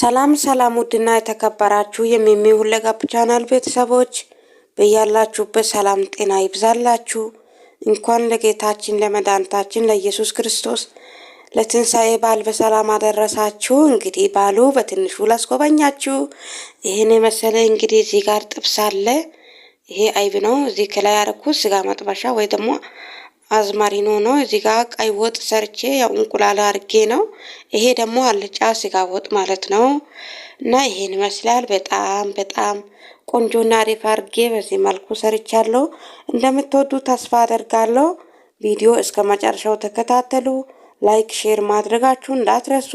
ሰላም ሰላም ውድና የተከበራችሁ የሚሚ ሁለገብ ቻናል ቤተሰቦች በያላችሁበት ሰላም ጤና ይብዛላችሁ። እንኳን ለጌታችን ለመድኃኒታችን ለኢየሱስ ክርስቶስ ለትንሣኤ በዓል በሰላም አደረሳችሁ። እንግዲህ በዓሉ በትንሹ ላስጎበኛችሁ። ይህን የመሰለ እንግዲህ እዚህ ጋር ጥብስ አለ። ይሄ አይብ ነው። እዚህ ከላይ ያረኩት ስጋ መጥበሻ ወይ ደግሞ አዝማሪኖ ነው። እዚህ ጋር ቀይ ወጥ ሰርቼ ያው እንቁላል አርጌ ነው። ይሄ ደግሞ አልጫ ስጋ ወጥ ማለት ነው እና ይሄን ይመስላል። በጣም በጣም ቆንጆና አሪፍ አርጌ በዚህ መልኩ ሰርቻለሁ። እንደምትወዱ ተስፋ አደርጋለሁ። ቪዲዮ እስከ መጨረሻው ተከታተሉ። ላይክ፣ ሼር ማድረጋችሁ እንዳትረሱ።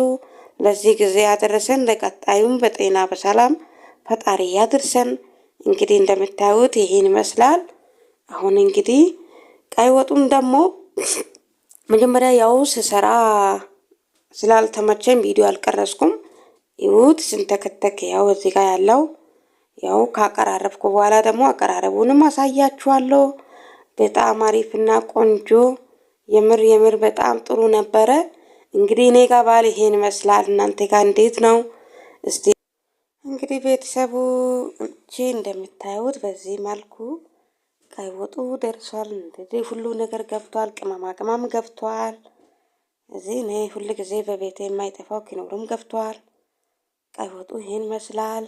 ለዚህ ጊዜ ያደረሰን ለቀጣዩም በጤና በሰላም ፈጣሪ ያድርሰን። እንግዲህ እንደምታዩት ይሄን ይመስላል። አሁን እንግዲህ ቀይ ወጡን ደግሞ መጀመሪያ ያው ስሰራ ስላልተመቸኝ ቪዲዮ አልቀረስኩም። ይሁት ስንተከተክ ያው እዚህ ጋር ያለው ያው ካቀራረብኩ በኋላ ደግሞ አቀራረቡንም አሳያችኋለሁ። በጣም አሪፍና ቆንጆ የምር የምር በጣም ጥሩ ነበረ። እንግዲህ እኔ ጋር ባል ይሄን ይመስላል። እናንተ ጋር እንዴት ነው? እስቲ እንግዲህ ቤተሰቡ እቺ እንደምታዩት በዚህ መልኩ ሳይወጡ ደርሷል። እንደዚህ ሁሉ ነገር ገብቷል። ቅመማ ቅመም ገብቷል። እዚህ እኔ ሁል ጊዜ በቤት የማይጠፋው ኪኖርም ገብቷል። ቀይ ወጡ ይህን ይመስላል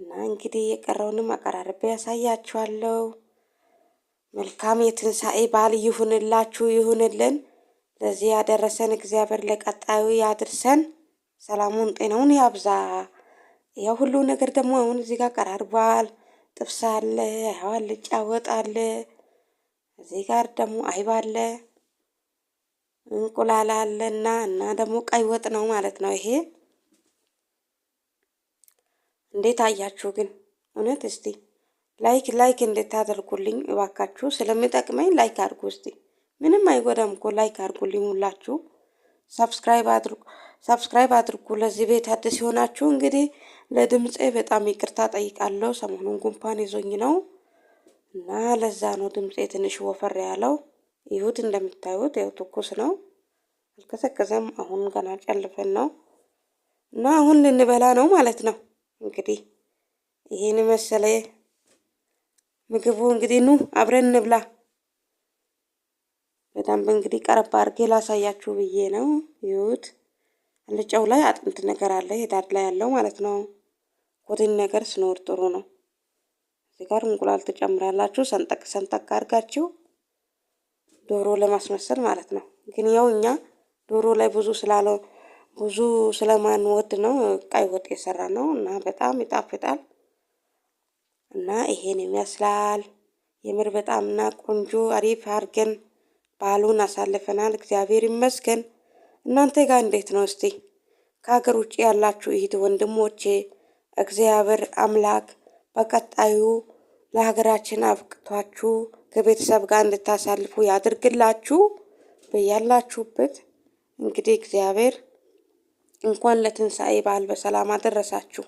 እና እንግዲህ የቀረውንም አቀራርቤ ያሳያችኋለሁ። መልካም የትንሣኤ በዓል ይሁንላችሁ፣ ይሁንልን። ለዚህ ያደረሰን እግዚአብሔር ለቀጣዩ ያድርሰን። ሰላሙን ጤናውን ያብዛ። ያው ሁሉ ነገር ደግሞ አሁን እዚህ ጋር ቀራርቧል። ጥብስ አለ፣ አልጫ ወጥ አለ፣ እዚህ ጋር ደግሞ አይብ አለ፣ እንቁላል አለ እና እና ደግሞ ቀይ ወጥ ነው ማለት ነው ይሄ። እንዴት አያችሁ ግን እውነት? እስቲ ላይክ ላይክ እንድታደርጉልኝ እባካችሁ ስለሚጠቅመኝ ላይክ አድርጉ። እስቲ ምንም አይጎዳም እኮ ላይክ አድርጉልኝ ሁላችሁ። ሰብስክራይብ አድርጉ፣ ሰብስክራይብ አድርጉ። ለዚህ ቤት አዲስ ሲሆናችሁ እንግዲህ ለድምፄ በጣም ይቅርታ ጠይቃለሁ። ሰሞኑን ጉንፋን ይዞኝ ነው እና ለዛ ነው ድምፄ ትንሽ ወፈር ያለው። ይሁት እንደምታዩት ያው ትኩስ ነው፣ አልቀዘቀዘም። አሁን ገና ጨልፈን ነው እና አሁን ልንበላ ነው ማለት ነው። እንግዲህ ይህን መሰለ ምግቡ። እንግዲህ ኑ አብረን እንብላ። በደንብ እንግዲህ ቀረባ አድርጌ ላሳያችሁ ብዬ ነው። ይሁት አልጫው ላይ አጥንት ነገር አለ፣ ሄዳድ ላይ ያለው ማለት ነው። ኮቴን ነገር ስኖር ጥሩ ነው። እዚህ ጋር እንቁላል ትጨምራላችሁ። ሰንጠቅ ሰንጠቅ አድርጋችሁ ዶሮ ለማስመሰል ማለት ነው። ግን ያው እኛ ዶሮ ላይ ብዙ ስላለ ብዙ ስለማንወድ ነው ቀይ ወጥ የሰራ ነው እና በጣም ይጣፍጣል እና ይሄን ይመስላል። የምር በጣምና ቆንጆ አሪፍ አድርገን ባሉን አሳልፈናል። እግዚአብሔር ይመስገን። እናንተ ጋር እንዴት ነው? እስቲ ከሀገር ውጭ ያላችሁ እህት ወንድሞቼ እግዚአብሔር አምላክ በቀጣዩ ለሀገራችን አብቅቷችሁ ከቤተሰብ ጋር እንድታሳልፉ ያድርግላችሁ። በያላችሁበት እንግዲህ እግዚአብሔር እንኳን ለትንሣኤ በዓል በሰላም አደረሳችሁ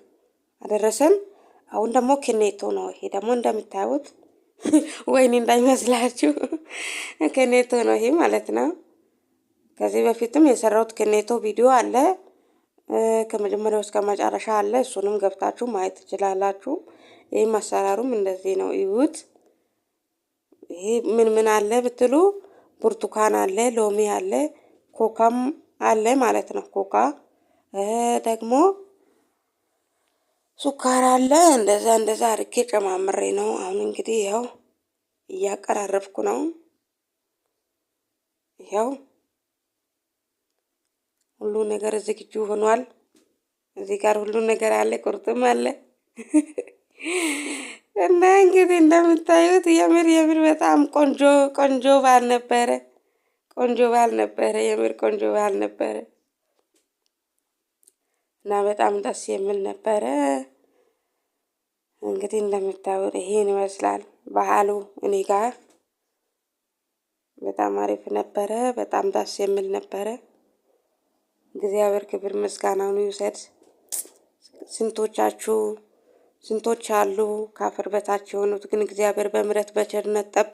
አደረሰን። አሁን ደግሞ ኬኔቶ ነው። ይሄ ደግሞ እንደምታዩት ወይኔ እንዳይመስላችሁ ኬኔቶ ነው ይሄ ማለት ነው። ከዚህ በፊትም የሰራሁት ኬኔቶ ቪዲዮ አለ። ከመጀመሪያው እስከ መጨረሻ አለ። እሱንም ገብታችሁ ማየት ትችላላችሁ። ይህም አሰራሩም እንደዚህ ነው፣ እዩት። ይሄ ምን ምን አለ ብትሉ ብርቱካን አለ፣ ሎሚ አለ፣ ኮካም አለ ማለት ነው። ኮካ ደግሞ ሱካር አለ። እንደዛ እንደዛ አድርጌ ጨማምሬ ነው አሁን እንግዲህ ያው እያቀራረብኩ ነው ያው ሁሉ ነገር ዝግጁ ሆኗል። እዚህ ጋር ሁሉ ነገር አለ፣ ቁርጥም አለ እና እንግዲህ እንደምታዩት የምር የምር በጣም ቆንጆ ቆንጆ ባል ነበረ። ቆንጆ ባል ነበረ። የምር ቆንጆ ባል ነበረ እና በጣም ደስ የሚል ነበረ። እንግዲህ እንደምታዩት ይሄን ይመስላል ባህሉ እኔ ጋር በጣም አሪፍ ነበረ። በጣም ደስ የሚል ነበረ። እግዚአብሔር ክብር ምስጋናውን ይውሰድ። ስንቶቻችሁ ስንቶች አሉ ከአፈር በታች የሆኑት ግን እግዚአብሔር በምሕረት በቸርነት